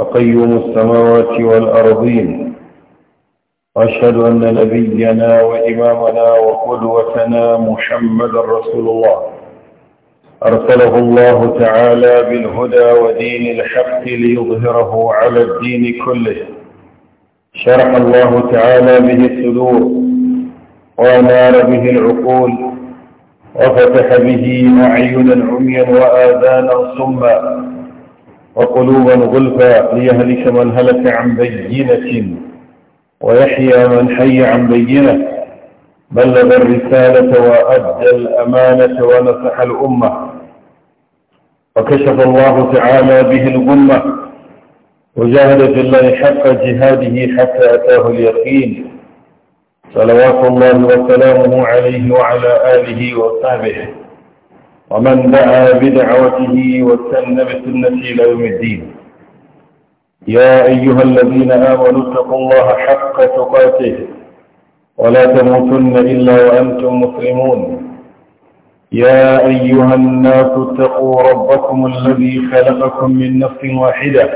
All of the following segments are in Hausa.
أقيم السماوات والأرضين وأشهد أن نبينا وإمامنا وقدوتنا محمد رسول الله أرسله الله تعالى بالهدى ودين الحق ليظهره على الدين كله شرح الله تعالى به الصدور وأنار به العقول وفتح به أعينا عميا وآذانا صما وقلوبا غلفا ليهلك من هلك عن بينة ويحيى من حي عن بينة بلغ الرسالة وأدى الأمانة ونصح الأمة وكشف الله تعالى به الغمة وجاهد في الله حق جهاده حتى أتاه اليقين صلوات الله وسلامه عليه وعلى آله وصحبه ومن دعا بدعوته واستنى بسنته الى يوم الدين يا ايها الذين امنوا اتقوا الله حق تقاته ولا تموتن الا وانتم مسلمون يا ايها الناس اتقوا ربكم الذي خلقكم من نفس واحده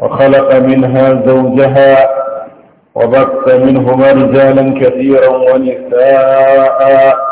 وخلق منها زوجها وبث منهما رجالا كثيرا ونساء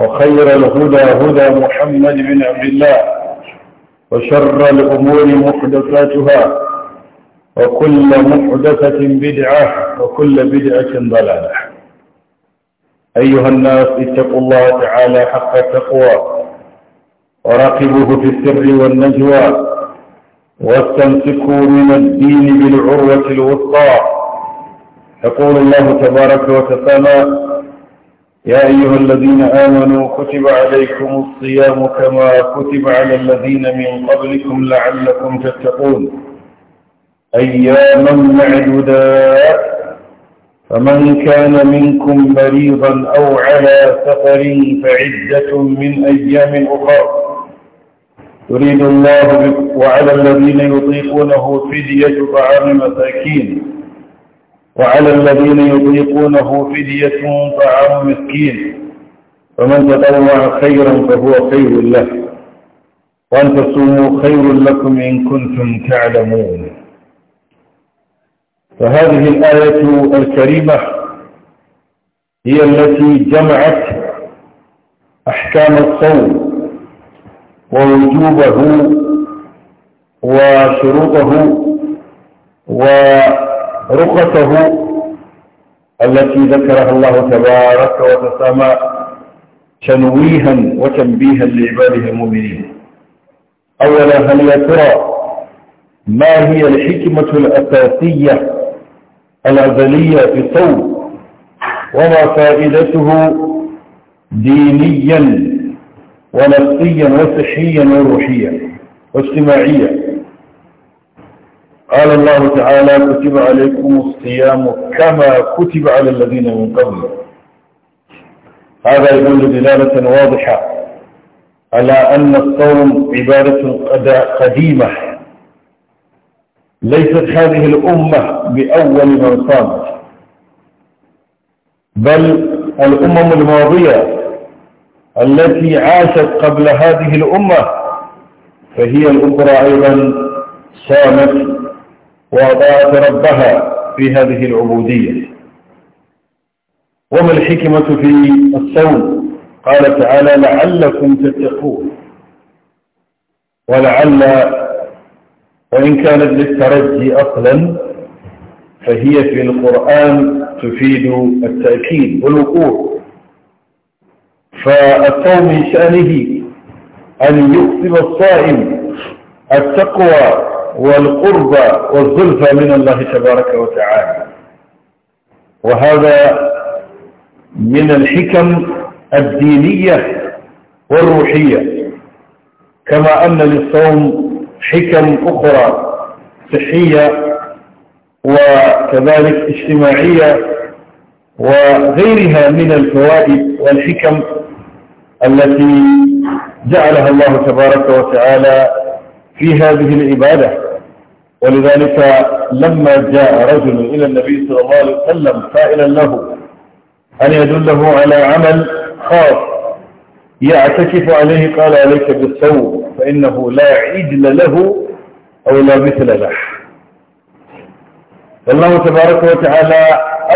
وخير الهدى هدى محمد بن عبد الله وشر الأمور محدثاتها وكل محدثة بدعة وكل بدعة ضلالة أيها الناس اتقوا الله تعالى حق التقوى وراقبوه في السر والنجوى واستمسكوا من الدين بالعروة الوثقى يقول الله تبارك وتعالى يا أيها الذين آمنوا كتب عليكم الصيام كما كتب على الذين من قبلكم لعلكم تتقون أياما معدودا فمن كان منكم مريضا أو على سفر فعدة من أيام أخرى يريد الله وعلى الذين يطيقونه فدية طعام مساكين وعلى الذين يطيقونه فدية طعام مسكين فمن تطوع خيرا فهو خير له وأن تصوموا خير لكم إن كنتم تعلمون فهذه الآية الكريمة هي التي جمعت أحكام الصوم ووجوبه وشروطه وشروطه رخصه التي ذكرها الله تبارك وتسامى تنويها وتنبيها لعباده المؤمنين أولا هل يا ترى ما هي الحكمة الأساسية الأزلية في الصوم وما فائدته دينيا ونفسيا وصحيا وروحيا واجتماعيا قال الله تعالى كتب عليكم الصيام كما كتب على الذين من قبل هذا يدل دلالة واضحة على أن الصوم عبادة قديمة ليست هذه الأمة بأول من صامت بل الأمم الماضية التي عاشت قبل هذه الأمة فهي الأخرى أيضا صامت وأطاعت ربها في هذه العبودية وما الحكمة في الصوم قال تعالى لعلكم تتقون ولعل وإن كانت للترجي أصلا فهي في القرآن تفيد التأكيد والوقوع فالصوم من شأنه أن يكسب الصائم التقوى والقربى والزلفى من الله تبارك وتعالى وهذا من الحكم الدينية والروحية كما أن للصوم حكم أخرى صحية وكذلك اجتماعية وغيرها من الفوائد والحكم التي جعلها الله تبارك وتعالى في هذه العبادة ولذلك لما جاء رجل إلى النبي صلى الله عليه وسلم سائلا له أن يدله على عمل خاص يعتكف عليه قال عليك بالثوب فإنه لا عجل له أو لا مثل له الله تبارك وتعالى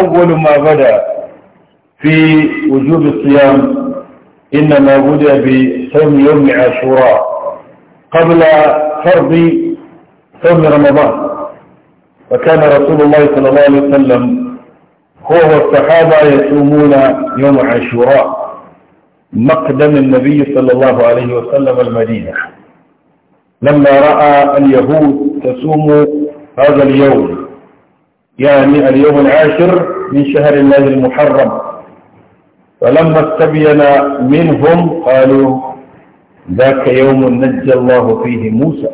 أول ما بدأ في وجوب الصيام إنما بدأ بصوم يوم عاشوراء قبل فرض صوم رمضان فكان رسول الله صلى الله عليه وسلم هو والصحابة يصومون يوم عاشوراء مقدم النبي صلى الله عليه وسلم المدينة لما رأى اليهود تصوم هذا اليوم يعني اليوم العاشر من شهر الله المحرم فلما استبين منهم قالوا ذاك يوم نجى الله فيه موسى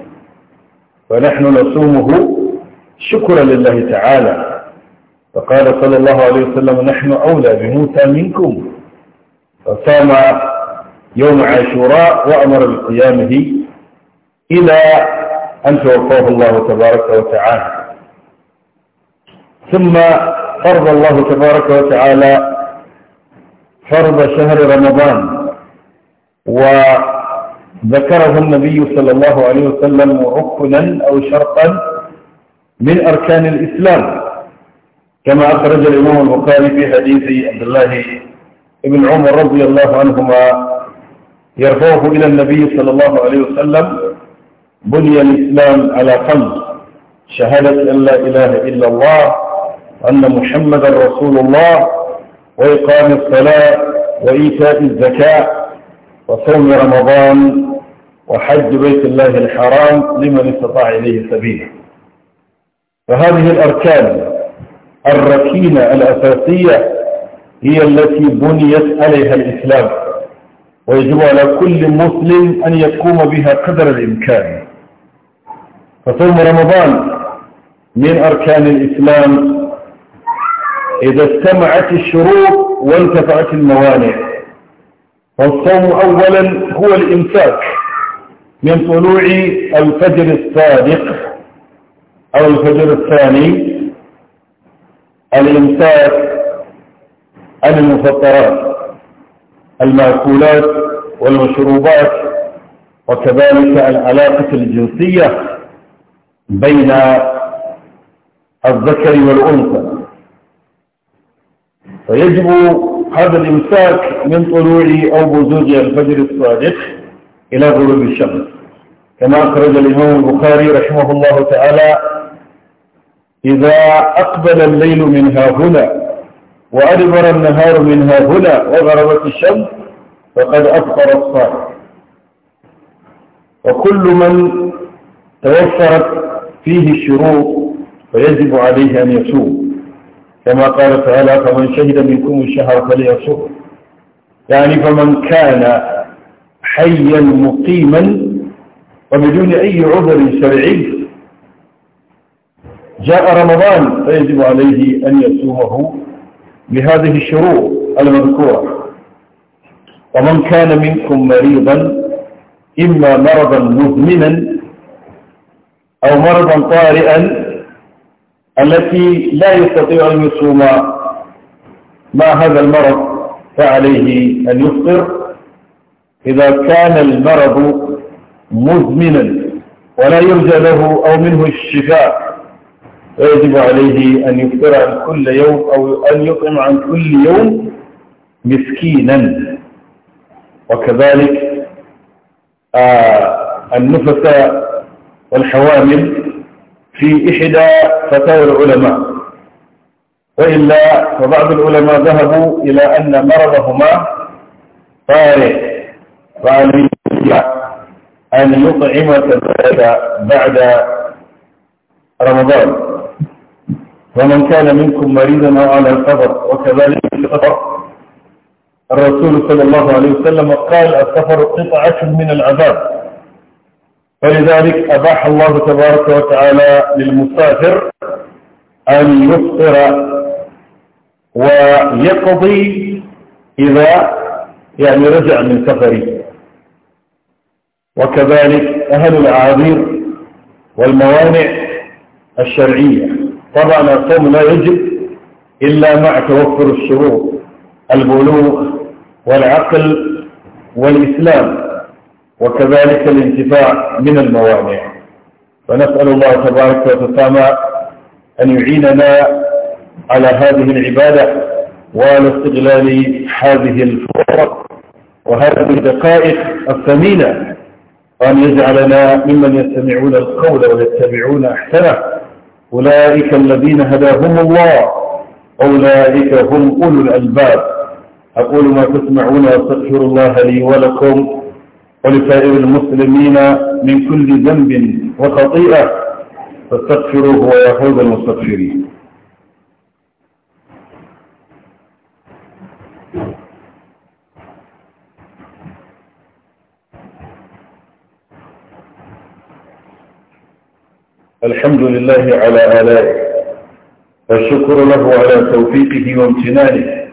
فنحن نصومه شكرا لله تعالى فقال صلى الله عليه وسلم نحن أولى بموسى منكم فصام يوم عاشوراء وأمر بقيامه إلى أن توفاه الله تبارك وتعالى ثم فرض الله تبارك وتعالى فرض شهر رمضان و ذكره النبي صلى الله عليه وسلم ركنا أو شرطا من أركان الإسلام كما أخرج الإمام البخاري في حديث عبد الله ابن عمر رضي الله عنهما يرفعه إلى النبي صلى الله عليه وسلم بني الإسلام على خمس شهادة أن لا إله إلا الله أن محمدا رسول الله وإقام الصلاة وإيتاء الزكاة وصوم رمضان وحج بيت الله الحرام لمن استطاع إليه سبيلا فهذه الأركان الركينة الأساسية هي التي بنيت عليها الإسلام ويجب على كل مسلم أن يقوم بها قدر الإمكان فصوم رمضان من أركان الإسلام إذا اجتمعت الشروط وانتفعت الموانع فالصوم أولا هو الإمساك من طلوع الفجر الصادق أو الفجر الثاني الإمساك عن المفطرات المأكولات والمشروبات وكذلك العلاقة الجنسية بين الذكر والأنثى فيجب هذا الإمساك من طلوع أو بزوج الفجر الصادق إلى غروب الشمس كما أخرج الإمام البخاري رحمه الله تعالى إذا أقبل الليل من هنا وأدبر النهار من هنا وغربت الشمس فقد أفطر الصائم وكل من توفرت فيه الشروط فيجب عليه أن يصوم كما قال تعالى فمن شهد منكم الشهر فليصوم يعني فمن كان حيا مقيما وبدون أي عذر شرعي جاء رمضان فيجب عليه أن يصومه بهذه الشروط المذكورة ومن كان منكم مريضا إما مرضا مزمنا أو مرضا طارئا التي لا يستطيع أن يصوم مع هذا المرض فعليه أن يفطر إذا كان المرض مزمنا ولا يرجى له أو منه الشفاء فيجب عليه أن يفطر عن كل يوم أو أن يطعم عن كل يوم مسكينا وكذلك آه النفس والحوامل في إحدى فتاوى العلماء وإلا فبعض العلماء ذهبوا إلى أن مرضهما طارئ فعليه أن يطعم كذلك بعد رمضان ومن كان منكم مريضا أو على القبر وكذلك السفر الرسول صلى الله عليه وسلم قال السفر قطعة من العذاب فلذلك أباح الله تبارك وتعالى للمسافر أن يفطر ويقضي إذا يعني رجع من سفره وكذلك أهل الأعاذير والموانع الشرعية طبعا الصوم لا يجب إلا مع توفر الشروط البلوغ والعقل والإسلام وكذلك الانتفاع من الموانع فنسأل الله تبارك وتعالى أن يعيننا على هذه العبادة وعلى استغلال هذه الفرق وهذه الدقائق الثمينة وأن يجعلنا ممن يستمعون القول ويتبعون أحسنه أولئك الذين هداهم الله أولئك هم أولو الألباب أقول ما تسمعون وأستغفر الله لي ولكم ولسائر المسلمين من كل ذنب وخطيئة فاستغفروه ويا فوز المستغفرين الحمد لله على آلائه والشكر له على توفيقه وامتنانه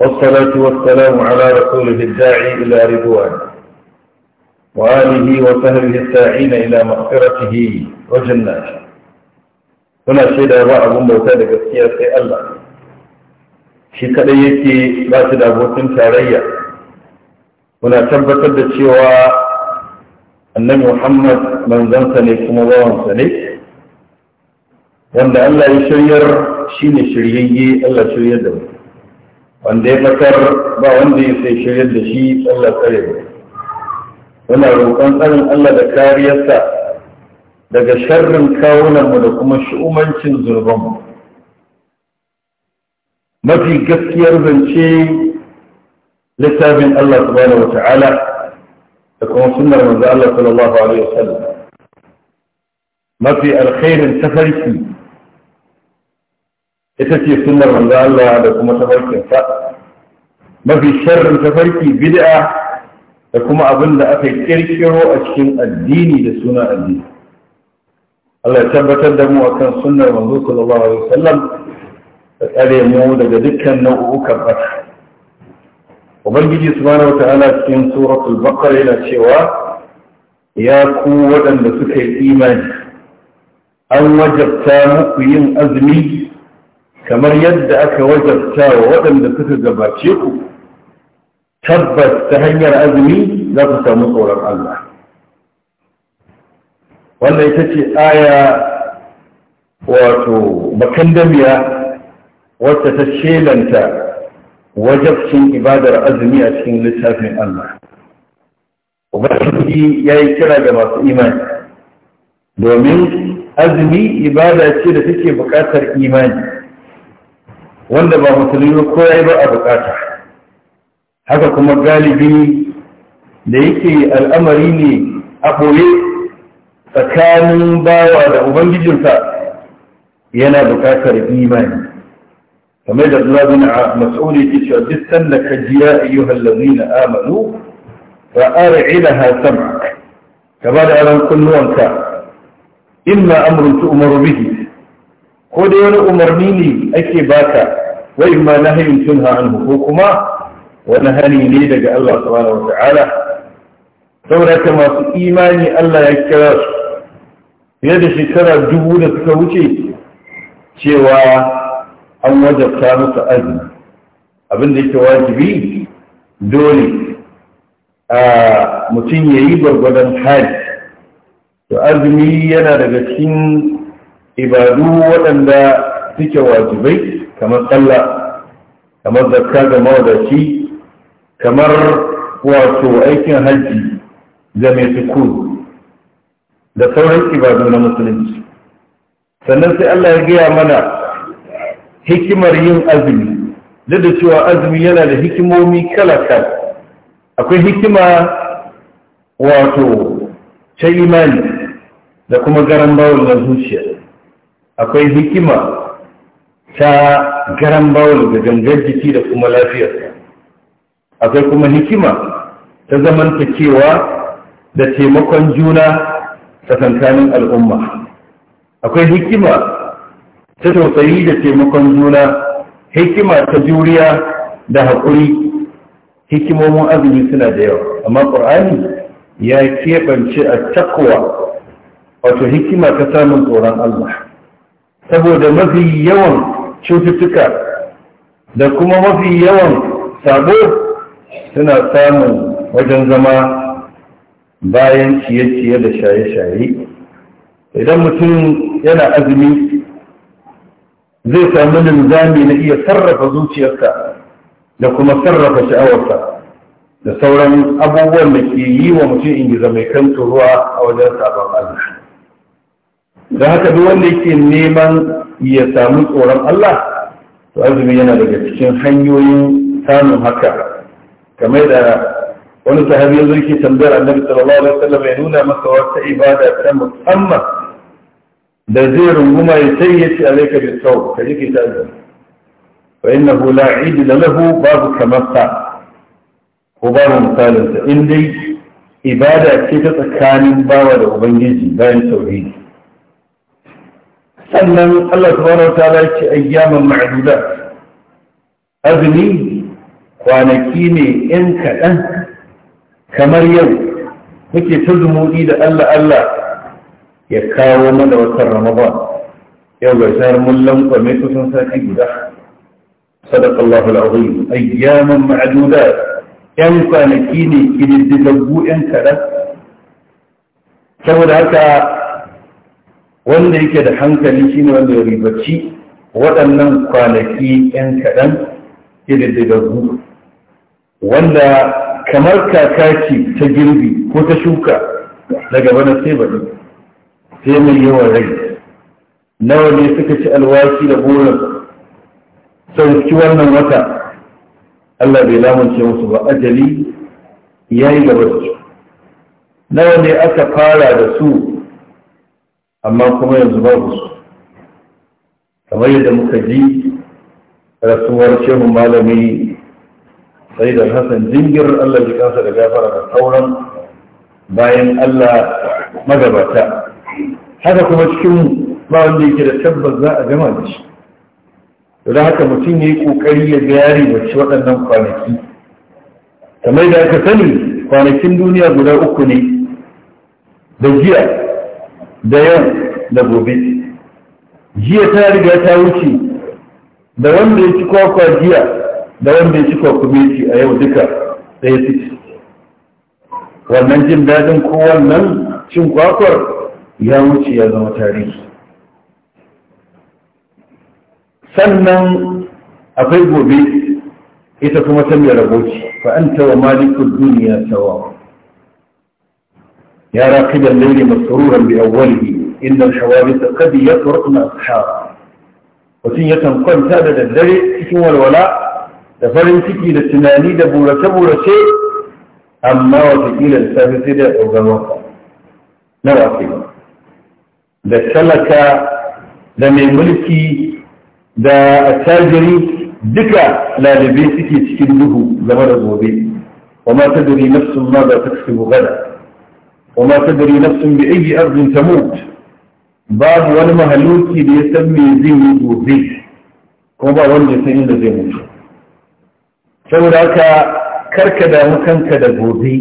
والصلاة والسلام على رسوله الداعي إلى رضوانه وآله وسهله الساعين إلى مغفرته وجناته هنا شيدا بعض موتى في الله في kadai yake ba shi da abokin tarayya muna annabi muhammad manzansa ne kuma bawansa ne wanda allah ya shiryar shi ne shiryayye allah shiryar da mu wanda ya fatar ba wanda ya sai shiryar da shi allah tsare ba. muna roƙon tsarin allah da kariyarsa daga sharrin kawunanmu da kuma shu'umancin zurbanmu mafi gaskiyar zance littafin allah subhanahu wa ta'ala da kuma sunar manzo Allah sallallahu alaihi wasallam mafi alkhairin tafarki ita ce sunar manzo Allah da kuma tafarkin sa mafi sharrin tafarki bid'a da kuma abin da aka kirkiro a cikin addini da suna addini Allah ya tabbatar da mu akan sunnar manzo sallallahu alaihi wasallam da tsare mu daga dukkan nau'ukan fata ubangiji subhanahu wata'ala cikin suratul baqara yana cewa ya ku waɗanda suka yi imani an wajabta muku yin azumi kamar yadda aka wajabta wa waɗanda suka gabace ku tabbas ta hanyar azumi za ku samu tsoron Allah wannan ita ce aya wato bakandamiya wacce ta shelanta wajabcin ibadar azumi a cikin littafin Allah. Ubangiji ya yi kira ga masu imani, domin azumi ibada ce da take buƙatar imani, wanda ba musulmi ko ya ba a buƙata. Haka kuma galibi da yake al'amari ne a ɓoye tsakanin bawa da Ubangijinsa yana buƙatar imani. kamar da Allah bin Mas'ud yake cewa duk sanda ka ji ya ayyuhal ladina amanu fa ar'ilaha ka ba da aran kunnuwanka imma amrun tu'maru bihi ko dai wani umarni ne ake baka wa imma nahyun tunha anhu ko kuma wani hani ne daga Allah subhanahu wa ta'ala saboda ka masu imani Allah ya kira su fiye da shekara dubu da suka wuce cewa an wajabta musu azumi abin da yake wajibi dole a mutum ya yi gwargwadon hali to azumi yana daga cikin ibadu waɗanda suke wajibai kamar sallah kamar zakka ga mawadaci kamar wato aikin hajji ga mai sukuru da sauran ibadu na musulunci sannan sai Allah ya gaya mana hikimar yin azumi duk da cewa azumi yana da hikimomi kala-kala akwai hikima wato ta imani da kuma garan bawul na zuciya akwai hikima ta garan bawul da gangar jiki da kuma lafiyarsa akwai kuma hikima ta cewa da taimakon juna tsakankanin al'umma akwai hikima ta tausayi da taimakon juna hikima ta juriya da haƙuri hikimomin azumi suna da yawa amma ƙur'ani ya keɓance a takowa wato hikima ta samun tsoron allah saboda mafi yawan cututtuka da kuma mafi yawan sabo suna samun wajen zama bayan ciye-ciye da shaye-shaye idan mutum yana azumi zai samu linzami na iya sarrafa zuciyarsa da kuma sarrafa sha'awarsa da sauran abubuwan da ke yi wa mutum ingiza mai kan ruwa a wajen sabon Allah don haka duk wanda yake neman ya samu tsoron Allah to azumi yana daga cikin hanyoyin samun haka kamar da wani sahabi yanzu yake tambayar annabi sallallahu alaihi wasallam ya nuna masa wata ibada ta musamman da zai runguma ya sai ya ce alaika bi sau ka ji ki tazi fa innahu la lahu babu kamarsa ko babu misalin sa in dai ibada ce ta tsakanin bawa da ubangiji bayan tauhidi sannan Allah subhanahu wa ta'ala ya ce ayyaman ma'dudat azumi kwanaki ne in kaɗan kamar yau muke ta zumuɗi da Allah Allah ya kawo mana watan ramadan yau ga shahar mun lankwame kusan sati guda صدق الله العظيم أياما معدودات ‘yan kwanaki ne ƙididdigaggu ‘yan kaɗan saboda haka wanda yake da hankali shine ne wanda ya ribaci waɗannan kwanaki ‘yan kaɗan ƙididdigaggu wanda kamar kakaki ta girbi ko ta shuka daga bana sai baɗi sai mai yawan rai nawa ne suka ci alwashi da burin sauki wannan wata Allah bai lamunce musu ba ajali ya yi gaba da su nawa ne aka fara da su amma kuma yanzu babu su kamar yadda muka ji rasuwar shehun malami sai da hassan jingir Allah ji kansa da gafara da sauran bayan Allah magabata haka kuma cikin ba wanda yake da tabbas za a gama da shi da haka mutum ya yi ƙoƙari ya ga yari shi waɗannan kwanaki kamar da aka sani kwanakin duniya guda uku ne da jiya da yau da gobe jiya ta riga ta wuce da wanda ya ci kwakwa jiya da wanda ya ci kwakumeci a yau duka ɗaya suke wannan jin daɗin kowannan cin kwakwar ya wuce ya zama tarihi sannan akwai gobe ita kuma ta mai raboci fa'anta wa malikul duniya sawa ya raƙi da laili masaruran bi awwalihi inda shawarisa kadi ya tsoruna ashara mutum yakan kwanta da daddare cikin walwala da farin ciki da tunani da burace-burace amma watakila da safi sai da ya ɗaugar wasa na wasu da talaka da mai mulki da attajiri duka lalibai suke cikin duhu game da gobe kuma ta وما تدري نفس ماذا تكسب غدا وما تدري نفس بأي أرض تموت باب wani mahaluki da ya san me zai yi gobe kuma ba wanda ya san inda zai mutu saboda haka karka damu kanka da gobe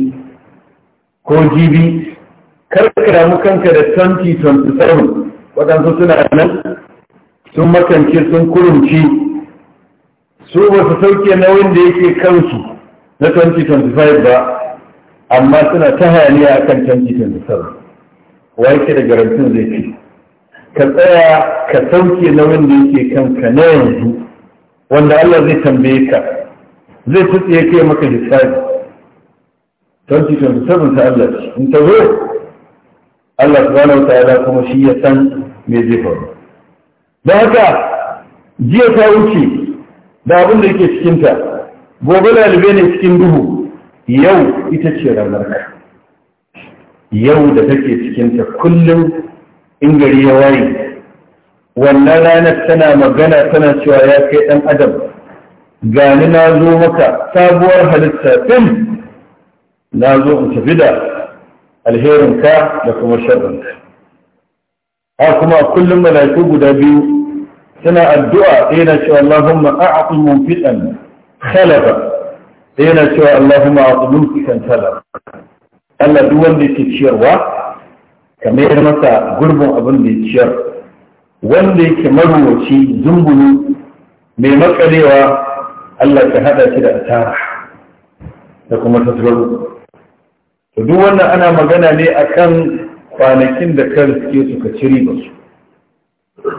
ko jibi karkara mu kanka da 2027 waɗansu suna nan sun makance sun kurumci su ba su sauke nauyin da yake kansu na 2025 ba amma suna ta hayaniya a kan 2027 wa yake da garantin zai fi ka tsaya ka sauke nauyin da yake kanka na yanzu wanda Allah zai tambaye ka zai tutsi ya kai maka hisabi 2027 ta Allah in ta zo Allah subhanahu ta'ala kuma shi ya san me zai faru don haka jiya ta wuce da abin da yake cikinta gobe lalibe ne cikin duhu yau ita ce ranar ka yau da take cikinta kullum in gari ya waye wannan ranar tana magana tana cewa ya kai ɗan adam gani na zo maka sabuwar halitta ɗin na zo in tafi da alherinka da kuma sharrinka ha kuma kullum malaiku guda biyu suna addu'a ɗaya na cewa Allahumma a'atul munfiqan talaba ɗaya na cewa Allahumma a'atul munfiqan talaba Allah duk wanda yake ciyarwa ka mayar masa gurbin abin da ya ciyar wanda yake maruwaci zumbulu mai matsalewa Allah ka hada shi da asara da kuma tasgaro to duk wannan ana magana ne akan kwanakin da kan suke suka ci riba su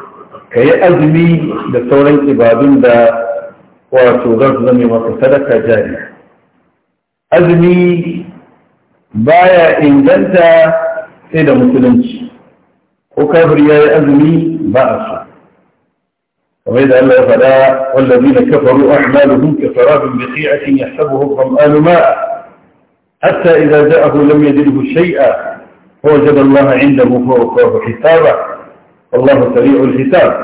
ka yi azumi da sauran ibadun da wato za su zame maka sadaka jari azumi baya inganta sai da musulunci ko kafir ya yi azumi ba a so kamar yadda Allah ya faɗa wallazina kafaru a'maluhum kasarabin biqi'atin yahsabuhu dhama'anu ma'a حتى إذا جاءه لم يجده شيئا فوجد الله عنده فوقاه حسابا والله سريع الحساب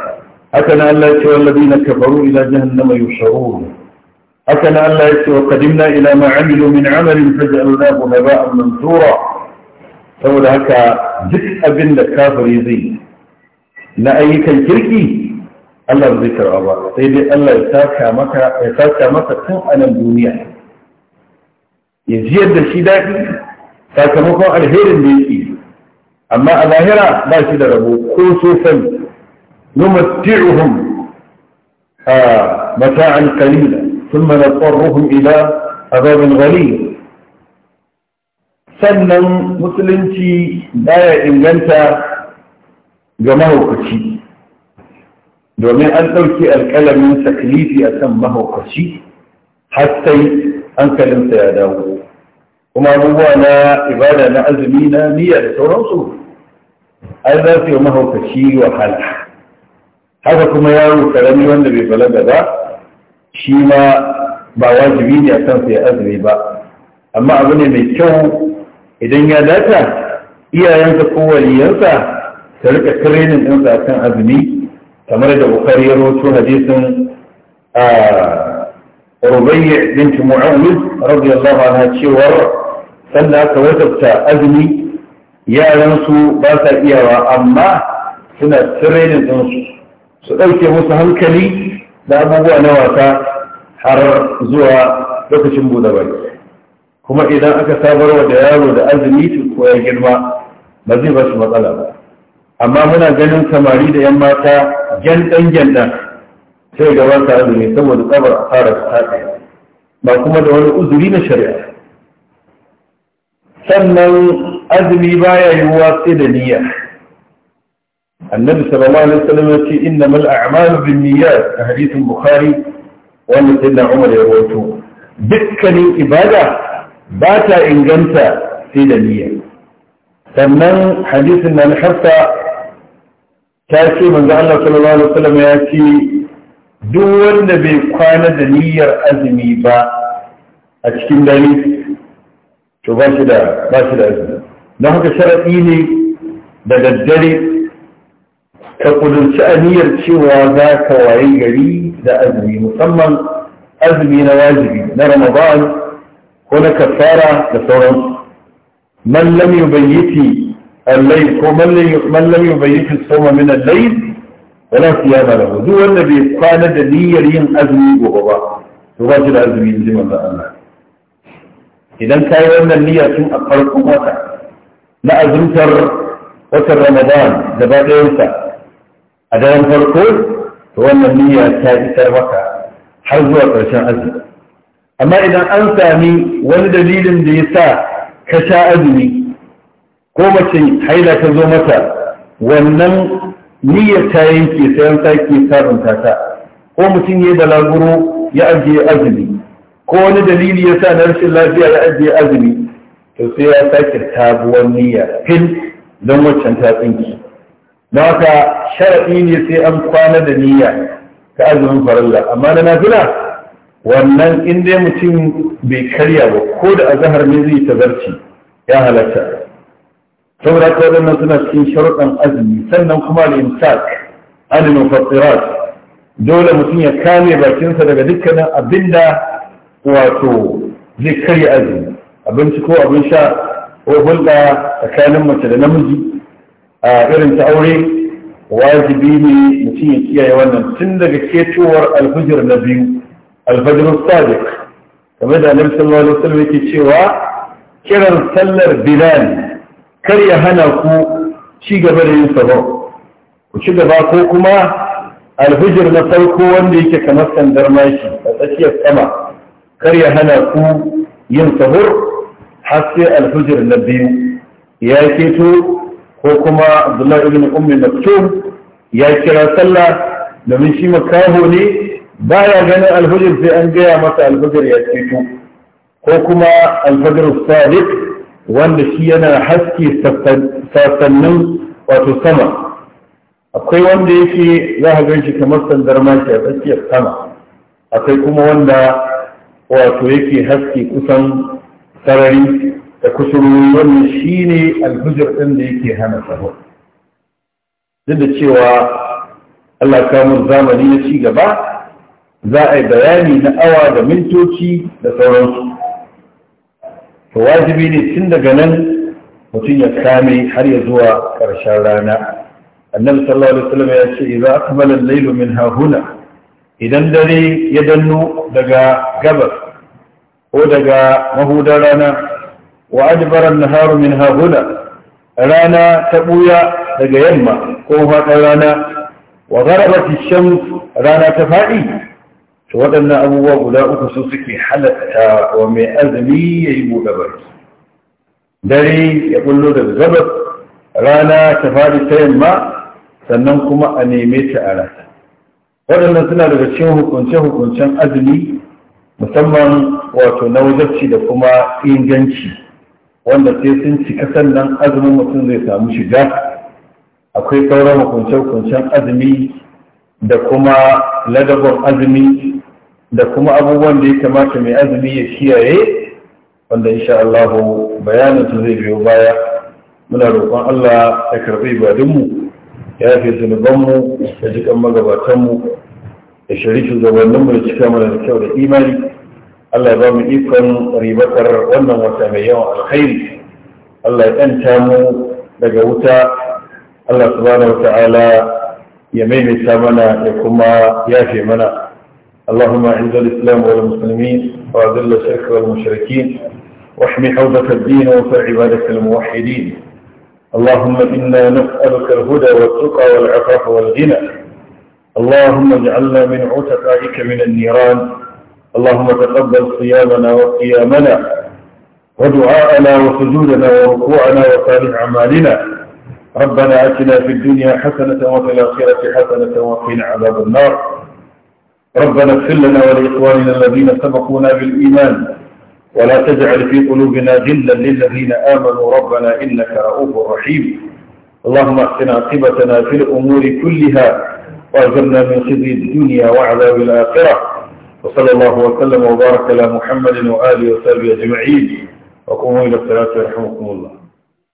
أكن أن لا يسوى الذين كفروا إلى جهنم يحشرون أكن أن لا يسوى قدمنا إلى ما عملوا من عمل فجعلناه هباء منثورا فولا هكا جزء abin الكافر kafiri لا na ayyukan kirki Allah الله سيدي ba sai dai Allah ya ya jiyar da shi daɗi sakamakon alherin da yake amma a lahira ba shi da rabo ko sosan numatti'uhum a mata'an kalila sun mana tsarruhun ila azabin ghali sannan musulunci baya inganta ga mahaukaci domin an ɗauki alƙalamin taklifi a kan mahaukaci har sai hankalinsa ya dawo kuma abubuwa na ibada na azumi na niyya da sauransu an za su yi mahaukaci wahala haka kuma yaro karami wanda bai balaga ba shi ma ba wajibi ne a kansa ya azumi ba amma abu ne mai kyau idan ya dace iyayensa ko waliyansa ta rika tirenin ɗinsa a kan azumi kamar da bukari ya hadisin a ah, rubayya binti mu'awwid radiyallahu anha cewar sanda aka wajabta azumi yaran su ba sa iyawa amma suna training din su ɗauke musu hankali da abubuwa na wasa har zuwa lokacin buɗe baki kuma idan aka sabarwa da yaro da azumi ko ya girma ba zai ba matsala ba amma muna ganin samari da yan mata gyan dan sai gaban sa azumi saboda tsabar fara ta haɗe ba kuma da wani uzuri na shari'a sannan azumi baya wa sai da niyya annabi sallallahu alaihi wasallam ya ce inna mal a'malu bin niyyat a hadisin bukhari wannan sai da umar ya rawaito dukkanin ibada ba ta inganta sai da niyya sannan hadithin nan hafsa ta ce manzo Allah sallallahu alaihi wasallam ya ce duk wanda bai kwana da niyyar azumi ba a cikin dare to ba shi da ba shi da azumi don haka sharaɗi ne da daddare ka kudurci aniyar cewa za ka waye gari da azumi musamman azumi na wajibi na ramadan ko na kafara da sauran man lam yubayyiti al ko man lam yubayyiti sawma min al-layl wala siyama lahu duk wanda bai kwana da niyyar yin azumi gobe ba to ba shi da azumi in ji manzon Allah idan ka yi wannan niyyar tun a farko mata, na azumtar watan Ramadan da ba ɗayansa a daren farko to wannan niyya ta isar maka har zuwa ƙarshen azumi amma idan an sami wani dalilin da ya sa ka sha azumi ko mace haila ta zo mata wannan niyyar ta yanke sai an sake sabunta ta ko mutum ya balaguro ya ajiye azumi ko wani dalili ya sa na rashin lafiya ya ajiye azumi to sai ya sake sabuwar niyya fil don waccan ta tsinki don haka sharaɗi ne sai an kwana da niyya ta azumin farilla amma na nafila wannan in dai mutum bai karya ba ko da azahar ne zai ta zarci ya halatta saboda haka waɗannan suna cikin sharuɗan azumi sannan kuma al-imsak an mufattirat dole mutum ya kame bakinsa daga dukkanin abinda wato zai karya azumi abinci ko abin sha ko hulɗa tsakanin mace da namiji a irin ta aure wajibi ne mutum ya kiyaye wannan tun daga ketowar alfijir na biyu alfajirun sadiq kamar da annabi sallallahu alaihi wasallam yake cewa kiran sallar bilal kar ya hana ku ci gaba da yin sabon ku ci gaba ko kuma alhijir na farko wanda yake kamar sandar mashi a tsakiyar sama kar ya hana ku yin sahur har sai alhijir na biyu ya keto ko kuma abdullahi ibn ummi maktum ya kira sallah domin shi makaho ne baya ganin alhijir sai an gaya masa alhijir ya keto ko kuma alfajr Sadiq. wanda shi yana haske sassannin wato sama akwai wanda yake za a gan shi kamar sandar maki a tsakiyar sama akwai kuma wanda wato yake haske kusan sarari da kusurwuri wannan shi ne alhujjar ɗin da yake hana saho duk da cewa allah kamun zamani na ci gaba za a yi bayani na awa da mintoci da sauransu to wajibi ne tun daga nan mutum ya kame har ya zuwa ƙarshen rana annabi sallallahu alaihi wasallam ya ce idza akmala al min hahuna idan dare ya danno daga gabas ko daga mahudar rana wa adbara an-naharu min hahuna rana ta buya daga yamma ko faɗin rana wa gharabati shams rana ta faɗi to waɗannan abubuwa guda uku su suke halatta wa mai azumi ya yi buɗe baki dare ya kullo daga gabas rana ta faɗi ta yamma sannan kuma a neme ta a waɗannan suna daga cikin hukunce-hukuncen azumi musamman wato na wajabci da kuma inganci wanda sai sun cika sannan azumin mutum zai samu shiga akwai sauran hukunce-hukuncen azumi da kuma ladabon azumi da kuma abubuwan da ya kamata mai azumi ya kiyaye wanda insha Allah bayanin su zai biyo baya muna roƙon Allah ya karɓi ibadunmu ya yafe zunubanmu da jikan magabatanmu ya shari mu ya cika mana da kyau da imani Allah ya ba mu ikon ribatar wannan wata mai yawan alkhairi Allah ya ɗanta mu daga wuta Allah subhanahu wa ta'ala ya maimaita mana ya kuma yafe mana اللهم أعز الإسلام والمسلمين وأذل الشرك والمشركين واحمي حوزة الدين وفع عبادك الموحدين اللهم إنا نسألك الهدى والتقى والعفاف والغنى اللهم اجعلنا من عتقائك من النيران اللهم تقبل صيامنا وقيامنا ودعاءنا وسجودنا وركوعنا وصالح أعمالنا ربنا أتنا في الدنيا حسنة وفي الآخرة حسنة وقنا عذاب النار ربنا اغفر لنا ولإخواننا الذين سبقونا بالإيمان ولا تجعل في قلوبنا غلا للذين آمنوا ربنا إنك رؤوف رحيم اللهم احسن عاقبتنا في الأمور كلها وأجرنا من خزي الدنيا وعذاب الآخرة وصلى الله وسلم وبارك على محمد وآله وصحبه أجمعين وقوموا إلى الصلاة يرحمكم الله